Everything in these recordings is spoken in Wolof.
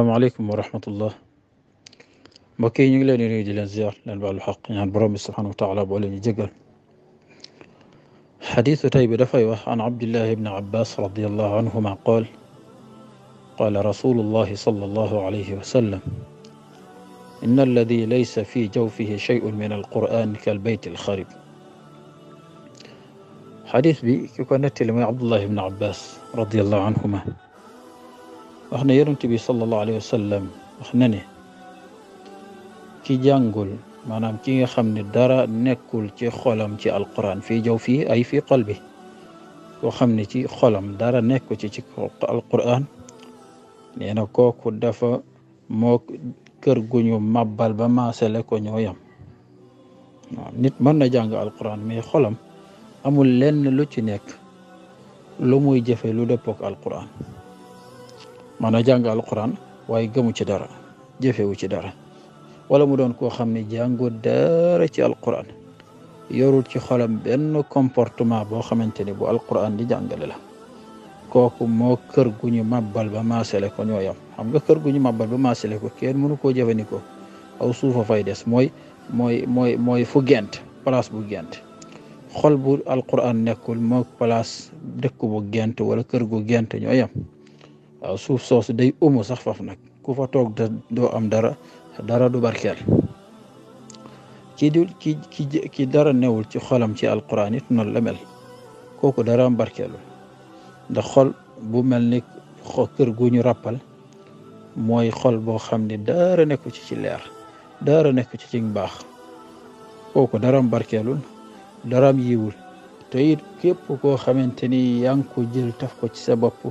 السلام عليكم ورحمة الله مكي نيغلا يريد دي زيار لان بالو الحق يعني برامي سبحانه وتعالى بولي نجيغل حديث تايب دفعي عن عبد الله بن عباس رضي الله عنهما قال قال رسول الله صلى الله عليه وسلم إن الذي ليس في جوفه شيء من القرآن كالبيت الخرب حديث بي كيكو نتلم عبد الله بن عباس رضي الله عنهما wax na yonent bi sallallahu alayhi wa sallam wax na ne ki jàngul maanaam ki nga xam ne dara nekkul ci xolam ci alquran fii jaw fii ay fii qalbi koo xam ne ci xolam dara nekku ci ci alquran nee na kooku dafa moo kër gu ñu màbbal ba maasale ko ñoo yam waaw nit mën na jàng alquran mais xolam amul lenn lu ci nekk lu muy jëfe lu dëppook alquran maanaam jàng alquran waaye gëmu ci dara jëfewu ci dara wala mu doon koo xam ne jàngu dara ci alquran yorul ci xolam benn comportement boo xamante ni bu alquran di jàngale la kooku moo kër gu ñu màbbal ba maasale ko ñoo yam xam nga gu ñu màbbal ba ko kenn mënu koo jëfandikoo aw suufa fay des mooy mooy mooy mooy fu gent place bu gent xol bu alquran nekkul moo place dëkk bu gent wala kër gu gent ñoo yam waaw suuf soosu day umu sax faf nag ku fa toog da am dara dara du barkeel ki du ki dara newul ci xolam ci alquran it noonu la mel kooku dara am barkeelul ndax xol bu mel ni kër gu ñu ràppal mooy xol boo xam ni dara nekku ci ci leer dara nekku ci ci baax kooku dara am barkeelul dara am yiwul te it képp koo xamante ni yaa ko jël taf ko ci sa bopp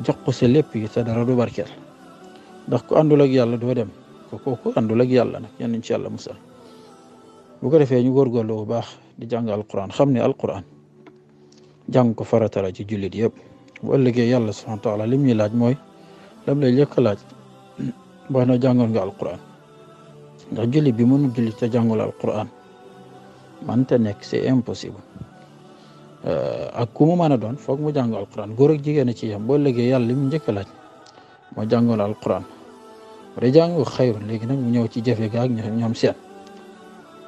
jox ko sa lepp yi sa dara du barkel ndax ku andul ak yàlla doo dem ko kooku andul ak yàlla nag yal ci yàlla musal bu ko defee ñu góorgóorlu bu baax di jàng alquran xam ne alquran jàng ko farata la ci jullit yëpp bu ëllëgee yàlla subhanahu wa taala lim ñuy laaj mooy lam lay njëkk a laaj baax na jàngoon nga alquran ndax jullit bi jullit te jàngul alquran man te nekk c'est impossible Euh, ak ku mu mën a doon foog mu jàng alquran góor ak jigéen a ci yem boo léegi yàlla li mu njëkk a laaj moo jàngoon alquran bu dee jàngoo léegi nag mu ñëw ci jafe gaak ñoom seen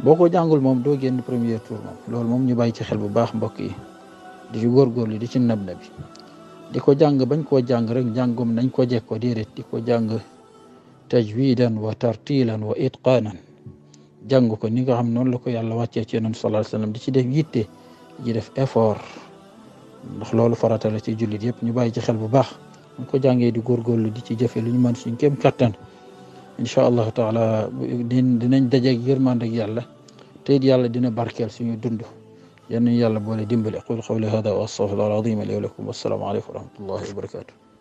boo ko jàngul moom doo génn premier tour loolu moom ñu bàyyi ci xel bu baax mbokk yi di ci góorgóorlu di ci nab na bi di ko jàng bañ koo jàng rek njàngum nañ ko jekkoo déedéet di ko jàng tajwidan wa tartilan wa itqaanan jàng ko ni nga xam noonu la ko yàlla wàccee ci yonent sallallahu wa sallam di ci def yitte ji def effort ndax loolu farata la ci jullit yëpp ñu bàyyi ci xel bu baax ñu ko jàngee di góorgóorlu di ci jëfe lu ñu mën suñ kéem kattan incha allahu taala dinañ dajeeg yërmandeg yàlla te it yàlla dina barkeel suñu dund yal nañu yàlla boole dimbale qul qawli hada wa astaghfirullah al azim li wa lakum wassalaamu aleykum wa rahmatullahi wa